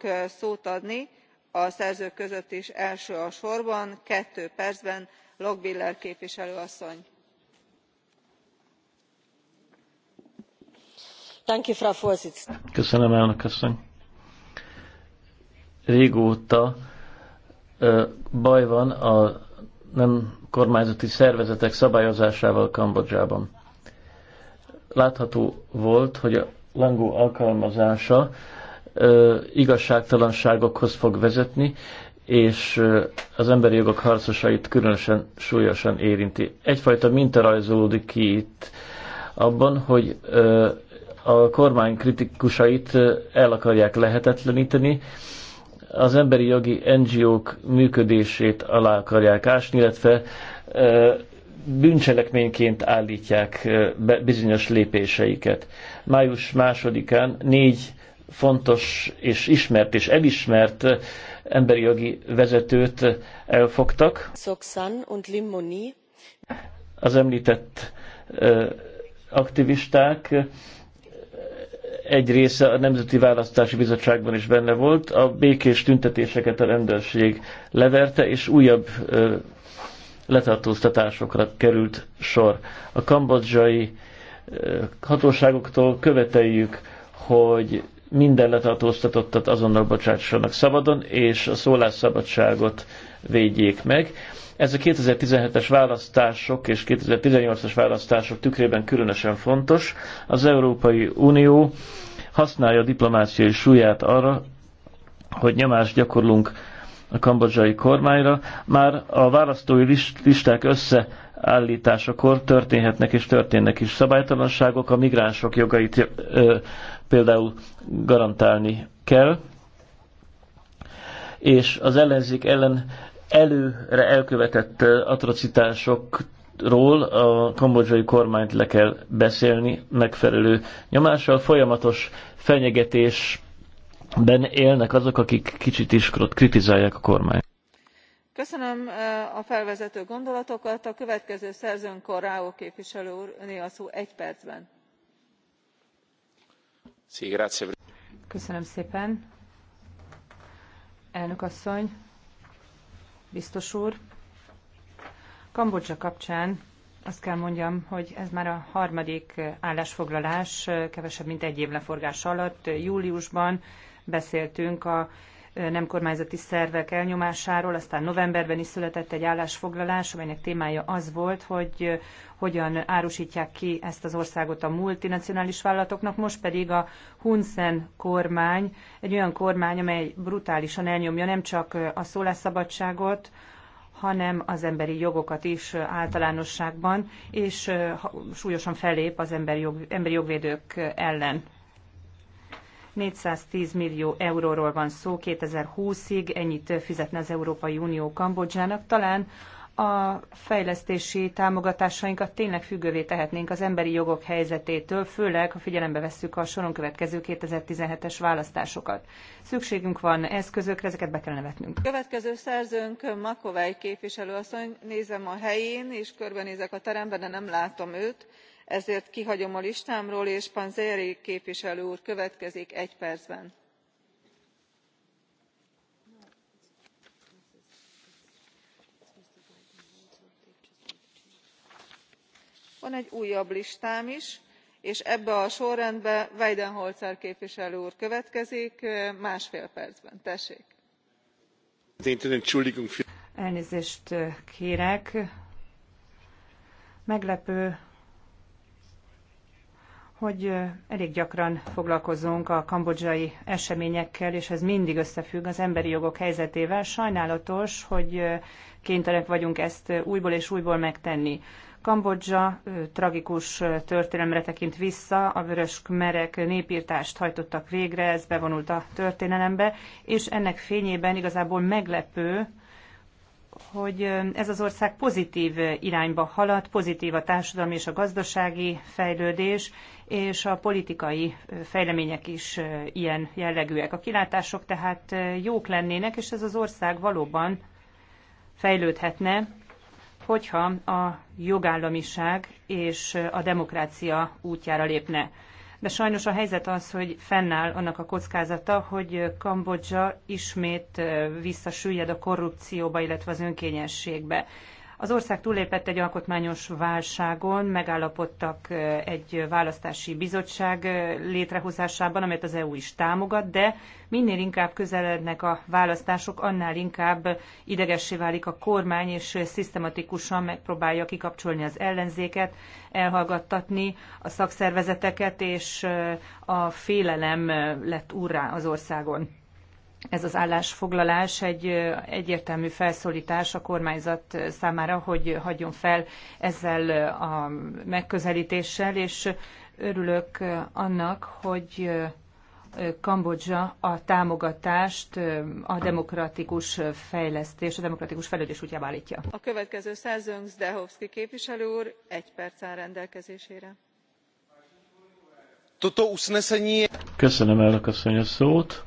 fogok szót adni a szerzők között is első a sorban kettő percben lochbihler képviselő asszony. Köszönöm, asszony. Régóta baj van a nem kormányzati szervezetek szabályozásával Kambodzsában. Látható volt, hogy a langó alkalmazása igazságtalanságokhoz fog vezetni, és az emberi jogok harcosait különösen súlyosan érinti. Egyfajta minta rajzolódik ki itt abban, hogy a kormány kritikusait el akarják lehetetleníteni, az emberi jogi NGO-k működését alá akarják ásni, illetve bűncselekményként állítják be bizonyos lépéseiket. Május másodikán négy fontos és ismert és elismert eh, emberi jogi vezetőt eh, elfogtak. Az említett eh, aktivisták egy része a Nemzeti Választási Bizottságban is benne volt, a békés tüntetéseket a rendőrség leverte, és újabb letartóztatásokra került sor. A kambodzsai hatóságoktól követeljük, hogy minden letartóztatottat azonnal bocsátsanak szabadon, és a szólásszabadságot védjék meg. Ez a 2017-es választások és 2018-as választások tükrében különösen fontos. Az Európai Unió használja a diplomáciai súlyát arra, hogy nyomást gyakorlunk a kambodzsai kormányra. Már a választói listák összeállításakor történhetnek és történnek is szabálytalanságok, a migránsok jogait például garantálni kell, és az ellenzék ellen előre elkövetett atrocitásokról a kambodzsai kormányt le kell beszélni megfelelő nyomással. Folyamatos fenyegetésben élnek azok, akik kicsit is kritizálják a kormányt. Köszönöm a felvezető gondolatokat. A következő szerzőnk Ráó képviselő úr, öné a szó egy percben Köszönöm szépen. Elnök asszony, biztos úr, Kambodzsa kapcsán azt kell mondjam, hogy ez már a harmadik állásfoglalás, kevesebb mint egy év leforgása alatt. Júliusban beszéltünk a nem kormányzati szervek elnyomásáról, aztán novemberben is született egy állásfoglalás, amelynek témája az volt, hogy hogyan árusítják ki ezt az országot a multinacionális vállalatoknak, most pedig a Hunsen kormány, egy olyan kormány, amely brutálisan elnyomja nem csak a szólásszabadságot, hanem az emberi jogokat is általánosságban, és súlyosan fellép az emberi, jog, emberi jogvédők ellen. 410 millió euróról van szó 2020-ig, ennyit fizetne az Európai Unió Kambodzsának. Talán a fejlesztési támogatásainkat tényleg függővé tehetnénk az emberi jogok helyzetétől, főleg ha figyelembe vesszük a soron következő 2017-es választásokat. Szükségünk van eszközökre, ezeket be kellene vetnünk. Következő szerzőnk Makovej képviselőasszony, nézem a helyén, és körbenézek a teremben, de nem látom őt ezért kihagyom a listámról és panzeri képviselő úr következik egy percben. van egy újabb listám is és ebbe a sorrendbe weidenholzer képviselő úr következik másfél percben. tessék! elnézést kérek meglepő hogy elég gyakran foglalkozunk a kambodzsai eseményekkel, és ez mindig összefügg az emberi jogok helyzetével. Sajnálatos, hogy kénytelenek vagyunk ezt újból és újból megtenni. Kambodzsa tragikus történelemre tekint vissza, a vörös merek népírtást hajtottak végre, ez bevonult a történelembe, és ennek fényében igazából meglepő, hogy ez az ország pozitív irányba halad, pozitív a társadalmi és a gazdasági fejlődés, és a politikai fejlemények is ilyen jellegűek. A kilátások tehát jók lennének, és ez az ország valóban fejlődhetne, hogyha a jogállamiság és a demokrácia útjára lépne de sajnos a helyzet az, hogy fennáll annak a kockázata, hogy Kambodzsa ismét visszasüllyed a korrupcióba, illetve az önkényességbe. Az ország túlépett egy alkotmányos válságon, megállapodtak egy választási bizottság létrehozásában, amelyet az EU is támogat, de minél inkább közelednek a választások, annál inkább idegessé válik a kormány, és szisztematikusan megpróbálja kikapcsolni az ellenzéket, elhallgattatni a szakszervezeteket, és a félelem lett úrrá az országon ez az állásfoglalás egy egyértelmű felszólítás a kormányzat számára, hogy hagyjon fel ezzel a megközelítéssel, és örülök annak, hogy Kambodzsa a támogatást a demokratikus fejlesztés, a demokratikus fejlődés útjába állítja. A következő szerzőnk Zdehovszki képviselő úr egy perc áll rendelkezésére. Toto usnesení... Köszönöm elnök asszony a szót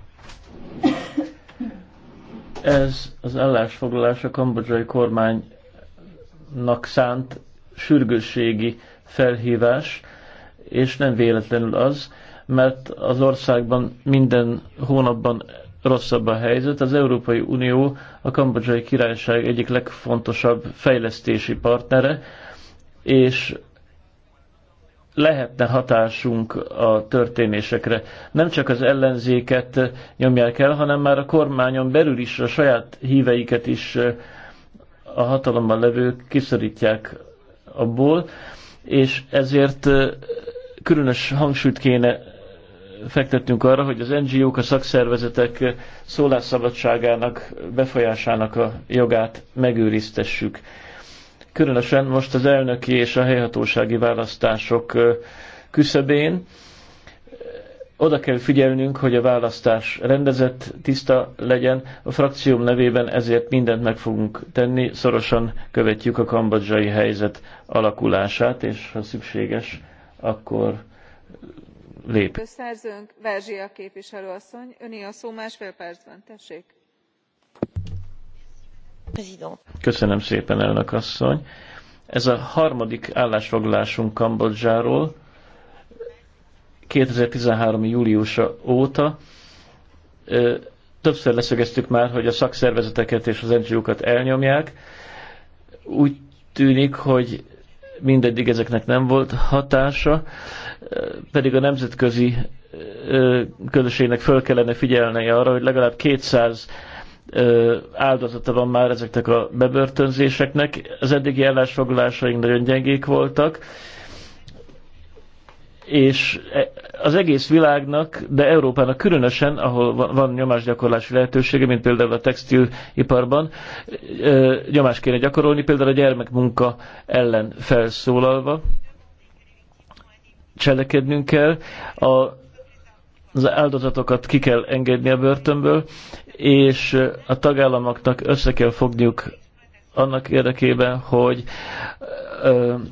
ez az állásfoglalás a kambodzsai kormánynak szánt sürgősségi felhívás, és nem véletlenül az, mert az országban minden hónapban rosszabb a helyzet. Az Európai Unió a kambodzsai királyság egyik legfontosabb fejlesztési partnere, és lehetne hatásunk a történésekre. Nem csak az ellenzéket nyomják el, hanem már a kormányon belül is a saját híveiket is a hatalomban levők kiszorítják abból, és ezért különös hangsúlyt kéne fektettünk arra, hogy az NGO-k, a szakszervezetek szólásszabadságának, befolyásának a jogát megőriztessük különösen most az elnöki és a helyhatósági választások küszöbén. Oda kell figyelnünk, hogy a választás rendezett, tiszta legyen. A frakcióm nevében ezért mindent meg fogunk tenni. Szorosan követjük a kambodzsai helyzet alakulását, és ha szükséges, akkor lép. Közszerzőnk, Verzsia képviselőasszony, öné a szó másfél percben, tessék Köszönöm szépen, elnök asszony. Ez a harmadik állásfoglalásunk Kambodzsáról 2013. júliusa óta. Többször leszögeztük már, hogy a szakszervezeteket és az NGO-kat elnyomják. Úgy tűnik, hogy mindeddig ezeknek nem volt hatása, pedig a nemzetközi közösségnek föl kellene figyelnie arra, hogy legalább 200 áldozata van már ezeknek a bebörtönzéseknek. Az eddigi ellásfoglalásaink nagyon gyengék voltak, és e, az egész világnak, de Európának különösen, ahol van nyomásgyakorlási lehetősége, mint például a textiliparban, nyomás kéne gyakorolni, például a gyermekmunka ellen felszólalva cselekednünk kell, a, az áldozatokat ki kell engedni a börtönből, és a tagállamoknak össze kell fogniuk annak érdekében, hogy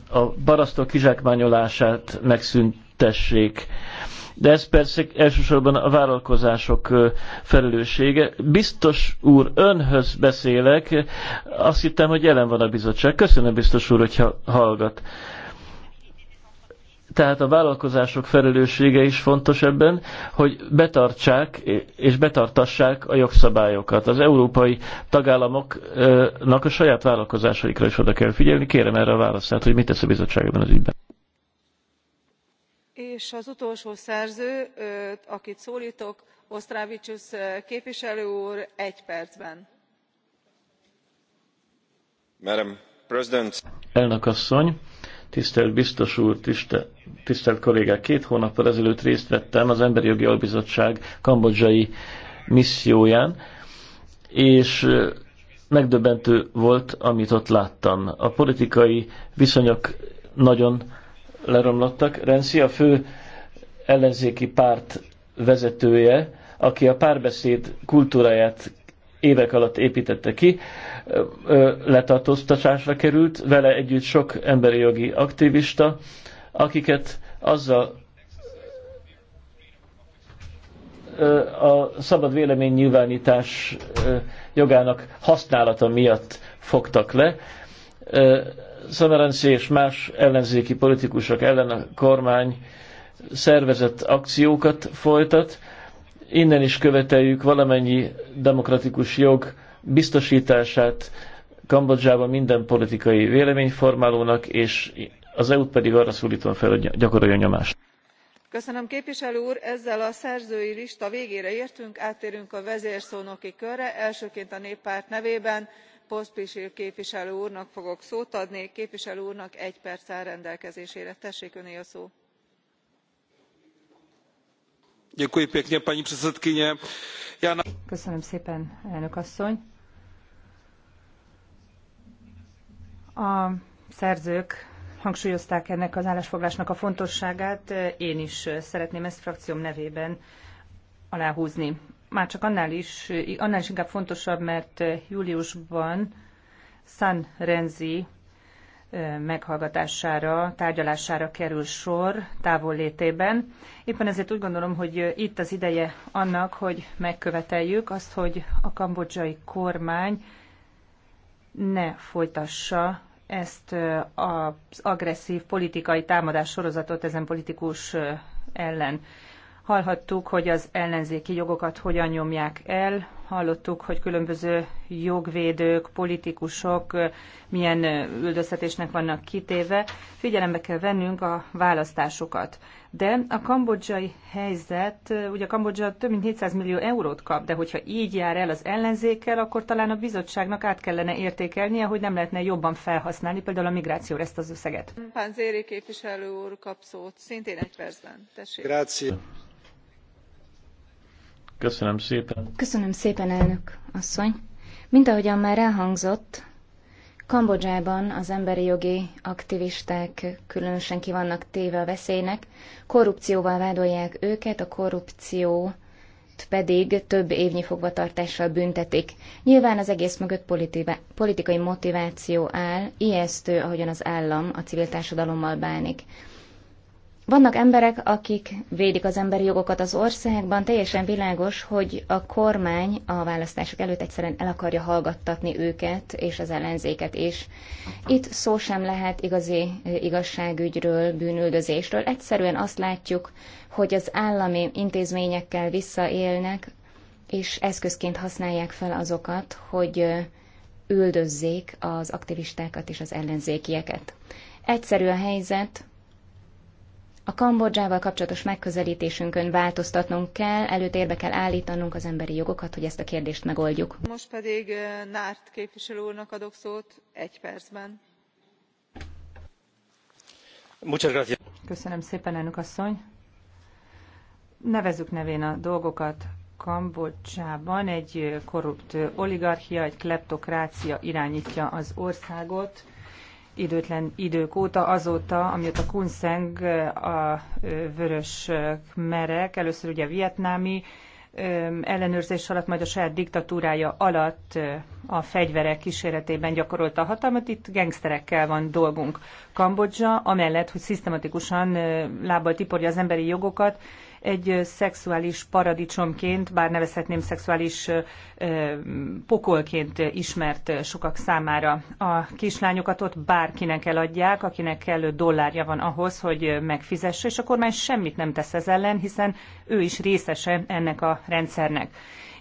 a barasztok kizsákmányolását megszüntessék. De ez persze elsősorban a vállalkozások felelőssége. Biztos úr, önhöz beszélek, azt hittem, hogy jelen van a bizottság. Köszönöm, biztos úr, hogyha hallgat tehát a vállalkozások felelőssége is fontos ebben, hogy betartsák és betartassák a jogszabályokat. Az európai tagállamoknak a saját vállalkozásaikra is oda kell figyelni. Kérem erre a választát, hogy mit tesz a bizottság ebben az ügyben. És az utolsó szerző, akit szólítok, Osztrávicsus képviselő úr, egy percben. Madam President. Elnök asszony, tisztelt biztos úr, tisztelt, tisztelt kollégák, két hónappal ezelőtt részt vettem az Emberi Jogi Albizottság kambodzsai misszióján, és megdöbbentő volt, amit ott láttam. A politikai viszonyok nagyon leromlottak. Renzi a fő ellenzéki párt vezetője, aki a párbeszéd kultúráját évek alatt építette ki, letartóztatásra került, vele együtt sok emberi jogi aktivista, akiket azzal a szabad vélemény nyilvánítás jogának használata miatt fogtak le. Szamaranci és más ellenzéki politikusok ellen a kormány szervezett akciókat folytat, innen is követeljük valamennyi demokratikus jog biztosítását Kambodzsában minden politikai véleményformálónak, és az EU-t pedig arra szólítom fel, hogy gyakoroljon nyomást. Köszönöm képviselő úr, ezzel a szerzői lista végére értünk, áttérünk a vezérszónoki körre. Elsőként a néppárt nevében pospil képviselő úrnak fogok szót adni képviselő úrnak egy perc áll rendelkezésére. tessék öné a szó köszönöm szépen elnök asszony a szerzők hangsúlyozták ennek az állásfoglalásnak a fontosságát én is szeretném ezt frakcióm nevében aláhúzni már csak is annál is inkább fontosabb mert júliusban san renzi meghallgatására, tárgyalására kerül sor távollétében. Éppen ezért úgy gondolom, hogy itt az ideje annak, hogy megköveteljük azt, hogy a kambodzsai kormány ne folytassa ezt az agresszív politikai támadás sorozatot ezen politikus ellen. Hallhattuk, hogy az ellenzéki jogokat hogyan nyomják el, hallottuk, hogy különböző jogvédők, politikusok milyen üldöztetésnek vannak kitéve. Figyelembe kell vennünk a választásokat. De a kambodzsai helyzet, ugye a Kambodzsa több mint 700 millió eurót kap, de hogyha így jár el az ellenzékkel, akkor talán a bizottságnak át kellene értékelnie, hogy nem lehetne jobban felhasználni például a migrációra ezt az összeget. Zéri képviselő úr kap szót, szintén egy percben. Tessék. Grazie. Köszönöm szépen. Köszönöm szépen, elnök asszony. Mint ahogyan már elhangzott, Kambodzsában az emberi jogi aktivisták különösen ki vannak téve a veszélynek, korrupcióval vádolják őket, a korrupció pedig több évnyi fogvatartással büntetik. Nyilván az egész mögött politikai motiváció áll, ijesztő, ahogyan az állam a civil társadalommal bánik. Vannak emberek, akik védik az emberi jogokat az országban, teljesen világos, hogy a kormány a választások előtt egyszerűen el akarja hallgattatni őket és az ellenzéket is. Itt szó sem lehet igazi eh, igazságügyről, bűnüldözésről. Egyszerűen azt látjuk, hogy az állami intézményekkel visszaélnek, és eszközként használják fel azokat, hogy eh, üldözzék az aktivistákat és az ellenzékieket. Egyszerű a helyzet, a Kambodzsával kapcsolatos megközelítésünkön változtatnunk kell, előtérbe kell állítanunk az emberi jogokat, hogy ezt a kérdést megoldjuk. Most pedig eh, Nárt képviselő úrnak adok szót egy percben. Köszönöm szépen, elnök asszony. Nevezük nevén a dolgokat. Kambodzsában egy korrupt oligarchia, egy kleptokrácia irányítja az országot időtlen idők óta, azóta, amióta Kunseng a vörös merek, először ugye a vietnámi ellenőrzés alatt, majd a saját diktatúrája alatt a fegyverek kíséretében gyakorolta a hatalmat. Itt gengszterekkel van dolgunk. Kambodzsa, amellett, hogy szisztematikusan lábbal tiporja az emberi jogokat, egy szexuális paradicsomként, bár nevezhetném szexuális pokolként ismert sokak számára. A kislányokat ott bárkinek eladják, akinek kellő dollárja van ahhoz, hogy megfizesse, és a kormány semmit nem tesz ez ellen, hiszen ő is részese ennek a rendszernek.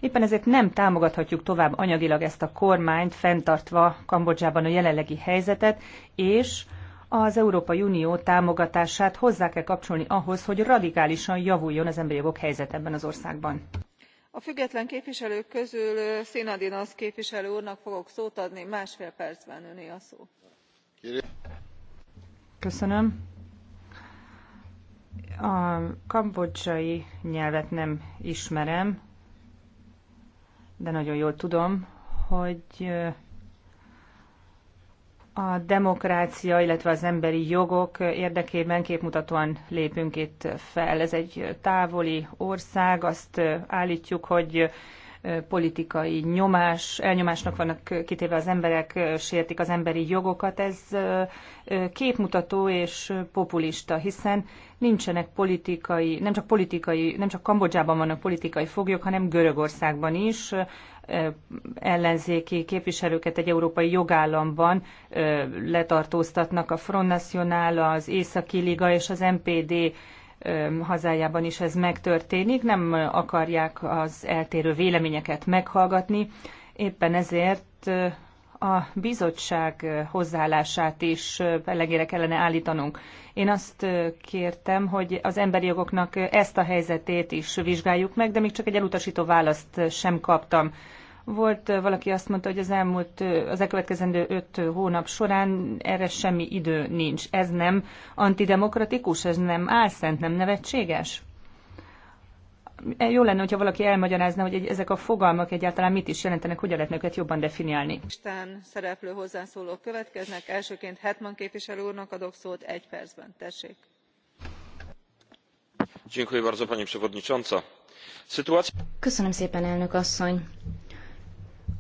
Éppen ezért nem támogathatjuk tovább anyagilag ezt a kormányt, fenntartva Kambodzsában a jelenlegi helyzetet, és az Európai Unió támogatását hozzá kell kapcsolni ahhoz, hogy radikálisan javuljon az emberi jogok helyzet ebben az országban. A független képviselők közül Szénadinasz képviselő úrnak fogok szót adni, másfél percben öné a szó. Köszönöm. A kambodzsai nyelvet nem ismerem, de nagyon jól tudom, hogy a demokrácia, illetve az emberi jogok érdekében képmutatóan lépünk itt fel. Ez egy távoli ország, azt állítjuk, hogy politikai nyomás, elnyomásnak vannak kitéve az emberek, sértik az emberi jogokat. Ez képmutató és populista, hiszen nincsenek politikai, nem csak politikai, nem csak Kambodzsában vannak politikai foglyok, hanem Görögországban is ellenzéki képviselőket egy európai jogállamban letartóztatnak a Front National, az Északi Liga és az MPD hazájában is ez megtörténik, nem akarják az eltérő véleményeket meghallgatni, éppen ezért a bizottság hozzáállását is elegére kellene állítanunk. Én azt kértem, hogy az emberi jogoknak ezt a helyzetét is vizsgáljuk meg, de még csak egy elutasító választ sem kaptam. Volt valaki azt mondta, hogy az elmúlt, az elkövetkezendő öt hónap során erre semmi idő nincs. Ez nem antidemokratikus, ez nem álszent, nem nevetséges? E, jó lenne, hogyha valaki elmagyarázna, hogy ezek a fogalmak egyáltalán mit is jelentenek, hogyan lehetne őket jobban definiálni. Isten szereplő hozzászólók következnek. Elsőként Hetman képviselő úrnak adok szót egy percben. Tessék. Köszönöm szépen, elnök asszony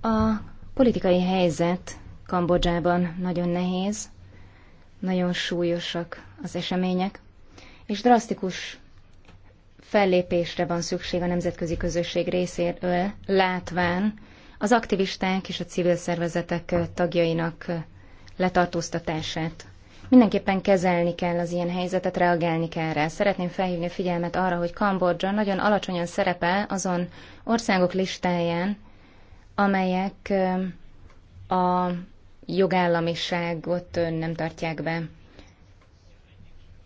a politikai helyzet Kambodzsában nagyon nehéz, nagyon súlyosak az események, és drasztikus fellépésre van szükség a nemzetközi közösség részéről, látván az aktivisták és a civil szervezetek tagjainak letartóztatását. Mindenképpen kezelni kell az ilyen helyzetet, reagálni kell rá. Szeretném felhívni a figyelmet arra, hogy Kambodzsa nagyon alacsonyan szerepel azon országok listáján, amelyek a jogállamiságot nem tartják be.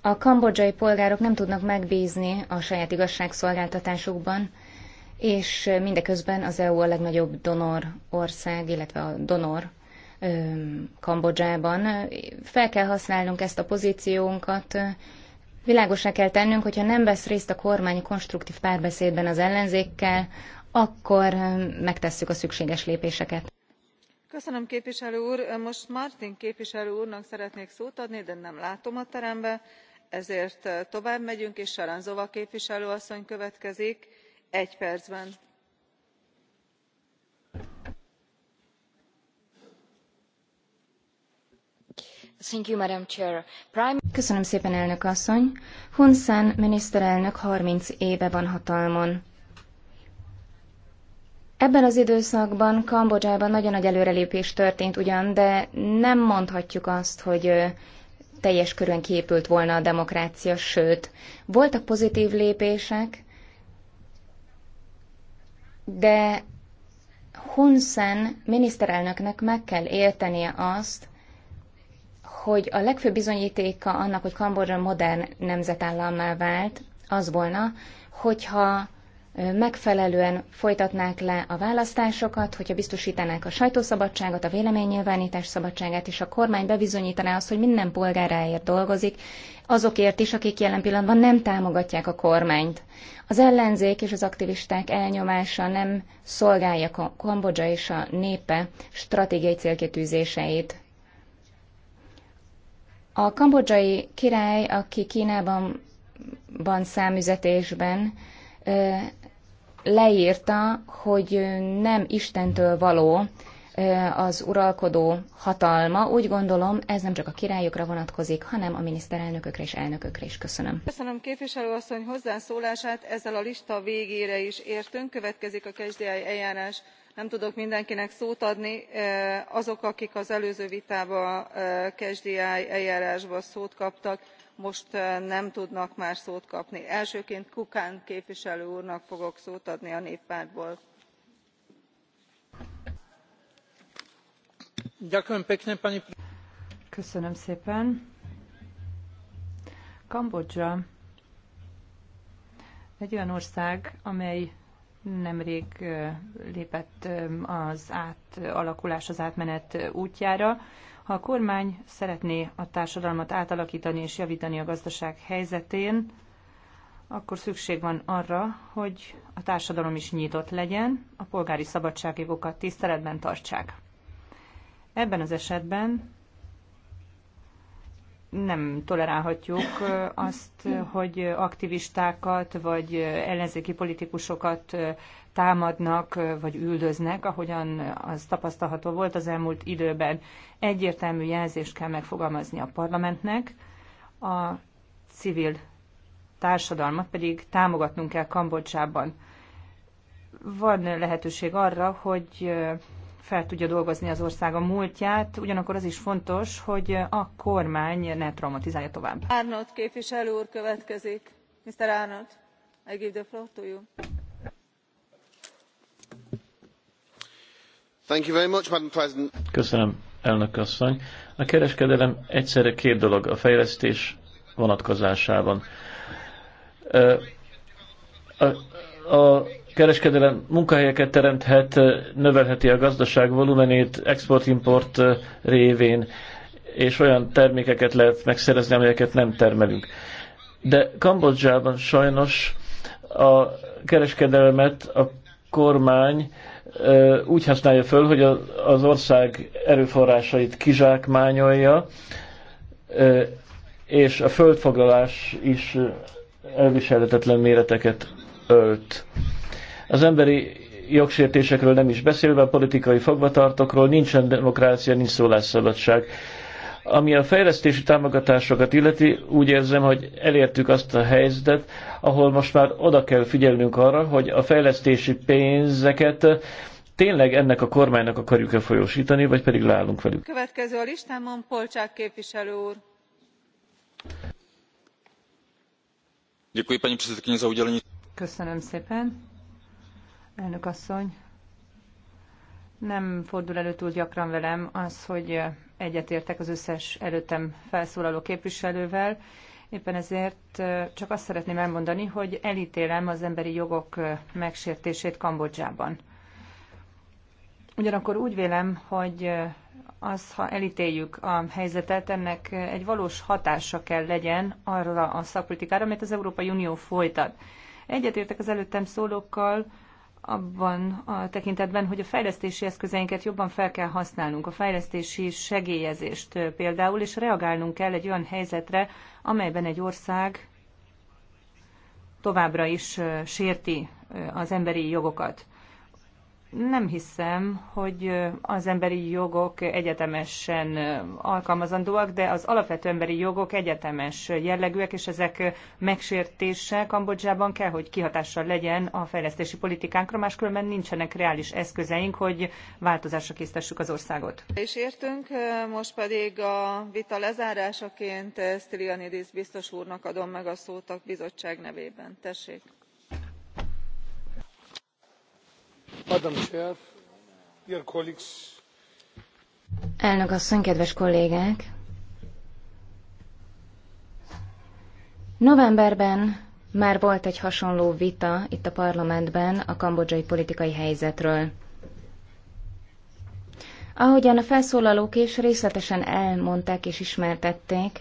A kambodzsai polgárok nem tudnak megbízni a saját igazságszolgáltatásukban, és mindeközben az EU a legnagyobb donor ország, illetve a donor Kambodzsában. Fel kell használnunk ezt a pozíciónkat, Világosra kell tennünk, hogyha nem vesz részt a kormány konstruktív párbeszédben az ellenzékkel, akkor eh, megtesszük a szükséges lépéseket. Köszönöm képviselő úr. Most Martin képviselő úrnak szeretnék szót adni, de nem látom a terembe, ezért eh, tovább megyünk, és Saranzova képviselő asszony következik egy percben. Köszönöm szépen, elnök asszony. Hun Sen miniszterelnök 30 éve van hatalmon Ebben az időszakban Kambodzsában nagyon nagy előrelépés történt ugyan, de nem mondhatjuk azt, hogy teljes körön képült volna a demokrácia, sőt, voltak pozitív lépések, de Hun Sen miniszterelnöknek meg kell értenie azt, hogy a legfőbb bizonyítéka annak, hogy Kambodzsa modern nemzetállammá vált, az volna, hogyha megfelelően folytatnák le a választásokat, hogyha biztosítanák a sajtószabadságot, a véleménynyilvánítás szabadságát, és a kormány bebizonyítaná azt, hogy minden polgáráért dolgozik, azokért is, akik jelen pillanatban nem támogatják a kormányt. Az ellenzék és az aktivisták elnyomása nem szolgálja Kambodzsa és a népe stratégiai célkitűzéseit. A kambodzsai király, aki Kínában van számüzetésben, leírta, hogy nem Istentől való az uralkodó hatalma. Úgy gondolom, ez nem csak a királyokra vonatkozik, hanem a miniszterelnökökre és elnökökre is. Köszönöm. Köszönöm képviselő asszony hozzászólását. Ezzel a lista végére is értünk. Következik a KSDI eljárás. Nem tudok mindenkinek szót adni. Azok, akik az előző vitában KSDI eljárásban szót kaptak, most nem tudnak már szót kapni. elsőként kukan képviselő úrnak fogok szót adni a néppártból. Köszönöm szépen. kambodzsa egy olyan ország amely nemrég lépett az átalakulás az átmenet útjára ha a kormány szeretné a társadalmat átalakítani és javítani a gazdaság helyzetén, akkor szükség van arra, hogy a társadalom is nyitott legyen, a polgári szabadságjogokat tiszteletben tartsák. Ebben az esetben nem tolerálhatjuk azt, hogy aktivistákat vagy ellenzéki politikusokat támadnak vagy üldöznek, ahogyan az tapasztalható volt az elmúlt időben. Egyértelmű jelzést kell megfogalmazni a parlamentnek, a civil társadalmat pedig támogatnunk kell Kambodzsában. Van lehetőség arra, hogy fel tudja dolgozni az ország a múltját, ugyanakkor az is fontos, hogy a kormány ne traumatizálja tovább. Arnott képviselő úr következik. Mr. Arnott, I give the floor to you. Thank you very much, Madam President. Köszönöm, elnök asszony. A kereskedelem egyszerre két dolog a fejlesztés vonatkozásában. A a kereskedelem munkahelyeket teremthet, növelheti a gazdaság volumenét export-import révén, és olyan termékeket lehet megszerezni, amelyeket nem termelünk. De Kambodzsában sajnos a kereskedelmet a kormány úgy használja föl, hogy az ország erőforrásait kizsákmányolja, és a földfoglalás is elviselhetetlen méreteket ölt. Az emberi jogsértésekről nem is beszélve, a politikai fogvatartokról nincsen demokrácia, nincs szólásszabadság. Ami a fejlesztési támogatásokat illeti, úgy érzem, hogy elértük azt a helyzetet, ahol most már oda kell figyelnünk arra, hogy a fejlesztési pénzeket tényleg ennek a kormánynak akarjuk-e folyósítani, vagy pedig leállunk velük. Következő a listámon Polcsák képviselő úr. Děkuji, paní předsedkyně, za udělení. Köszönöm szépen. Elnök asszony, nem fordul elő túl gyakran velem az, hogy egyetértek az összes előttem felszólaló képviselővel. Éppen ezért csak azt szeretném elmondani, hogy elítélem az emberi jogok megsértését Kambodzsában. Ugyanakkor úgy vélem, hogy az, ha elítéljük a helyzetet, ennek egy valós hatása kell legyen arra a szakpolitikára, amit az Európai Unió folytat. Egyetértek az előttem szólókkal abban a tekintetben, hogy a fejlesztési eszközeinket jobban fel kell használnunk, a fejlesztési segélyezést például, és reagálnunk kell egy olyan helyzetre, amelyben egy ország továbbra is sérti az emberi jogokat nem hiszem, hogy az emberi jogok egyetemesen alkalmazandóak, de az alapvető emberi jogok egyetemes jellegűek, és ezek megsértése Kambodzsában kell, hogy kihatással legyen a fejlesztési politikánkra, máskülönben nincsenek reális eszközeink, hogy változásra késztessük az országot. És értünk, most pedig a vita lezárásaként Stylianidis biztos úrnak adom meg a szót a bizottság nevében. Tessék! Elnök asszony, kedves kollégák! Novemberben már volt egy hasonló vita itt a parlamentben a kambodzsai politikai helyzetről. Ahogyan a felszólalók is részletesen elmondták és ismertették,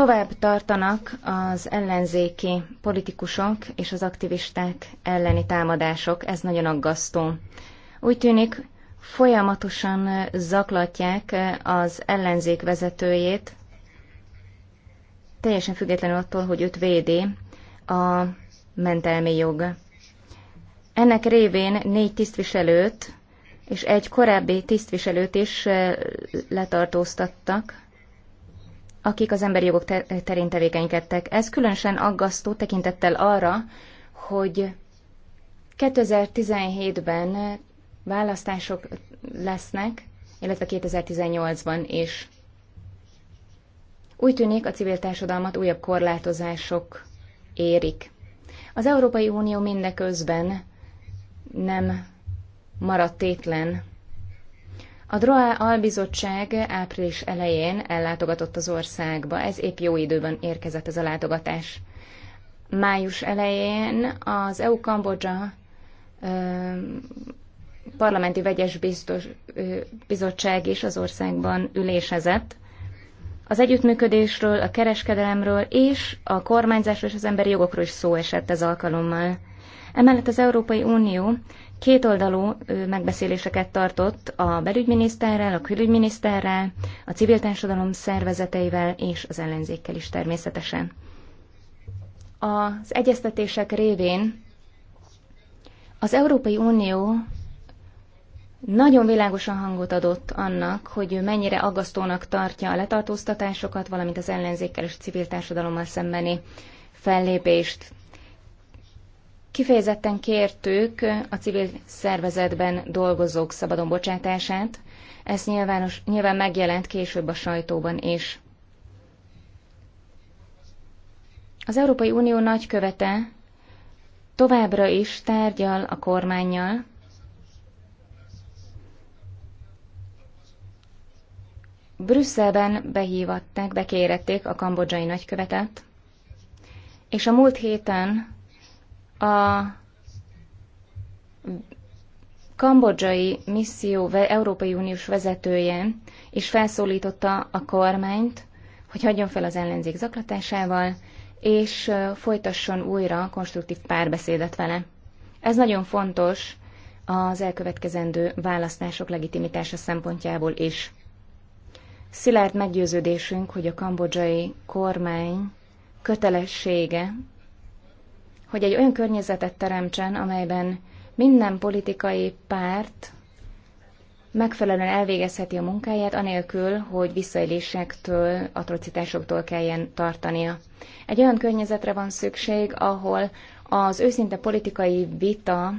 Tovább tartanak az ellenzéki politikusok és az aktivisták elleni támadások, ez nagyon aggasztó. Úgy tűnik, folyamatosan zaklatják az ellenzék vezetőjét, teljesen függetlenül attól, hogy őt védi a mentelmi jog. Ennek révén négy tisztviselőt és egy korábbi tisztviselőt is eh, letartóztattak, akik az emberi jogok terén tevékenykedtek. Ez különösen aggasztó tekintettel arra, hogy 2017-ben választások lesznek, illetve 2018-ban is. Úgy tűnik, a civil társadalmat újabb korlátozások érik. Az Európai Unió mindeközben nem maradt tétlen a DROA albizottság április elején ellátogatott az országba, ez épp jó időben érkezett ez a látogatás. Május elején az EU-Kambodzsa parlamenti vegyes biztos, ö, bizottság is az országban ülésezett. Az együttműködésről, a kereskedelemről és a kormányzásról és az emberi jogokról is szó esett ez alkalommal. Emellett az Európai Unió kétoldalú megbeszéléseket tartott a belügyminiszterrel, a külügyminiszterrel, a civil társadalom szervezeteivel és az ellenzékkel is természetesen. Az egyeztetések révén az Európai Unió nagyon világosan hangot adott annak, hogy mennyire aggasztónak tartja a letartóztatásokat, valamint az ellenzékkel és a civil társadalommal szembeni fellépést. Kifejezetten kértük a civil szervezetben dolgozók szabadon bocsátását, ez nyilvános, nyilván megjelent később a sajtóban is. Az Európai Unió nagykövete továbbra is tárgyal a kormányjal, Brüsszelben behívatták, bekérették a kambodzsai nagykövetet, és a múlt héten a kambodzsai misszió Európai Uniós vezetője is felszólította a kormányt, hogy hagyjon fel az ellenzék zaklatásával, és folytasson újra konstruktív párbeszédet vele. Ez nagyon fontos az elkövetkezendő választások legitimitása szempontjából is. Szilárd meggyőződésünk, hogy a kambodzsai kormány kötelessége hogy egy olyan környezetet teremtsen, amelyben minden politikai párt megfelelően elvégezheti a munkáját, anélkül, hogy visszaélésektől, atrocitásoktól kelljen tartania. Egy olyan környezetre van szükség, ahol az őszinte politikai vita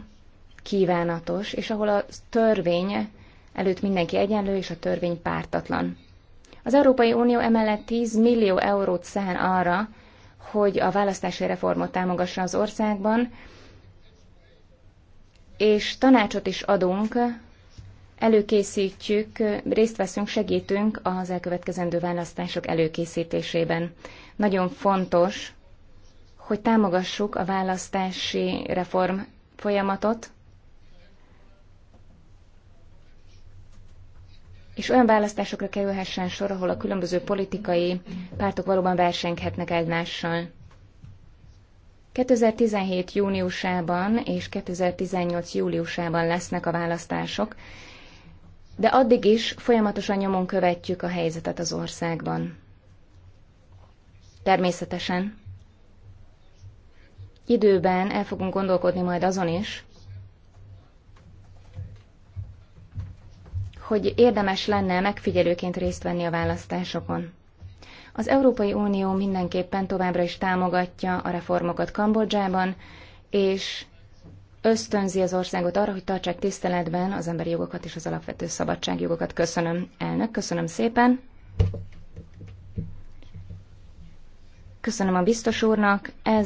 kívánatos, és ahol a törvény előtt mindenki egyenlő, és a törvény pártatlan. Az Európai Unió emellett 10 millió eurót szán arra, hogy a választási reformot támogassa az országban, és tanácsot is adunk, előkészítjük, részt veszünk, segítünk az elkövetkezendő választások előkészítésében. Nagyon fontos, hogy támogassuk a választási reform folyamatot, és olyan választásokra kerülhessen sor, ahol a különböző politikai pártok valóban versenghetnek egymással. 2017 júniusában és 2018 júliusában lesznek a választások, de addig is folyamatosan nyomon követjük a helyzetet az országban. Természetesen. Időben el fogunk gondolkodni majd azon is, hogy érdemes lenne megfigyelőként részt venni a választásokon. Az Európai Unió mindenképpen továbbra is támogatja a reformokat Kambodzsában, és ösztönzi az országot arra, hogy tartsák tiszteletben az emberi jogokat és az alapvető szabadságjogokat. Köszönöm, elnök, köszönöm szépen. Köszönöm a biztos úrnak. Ez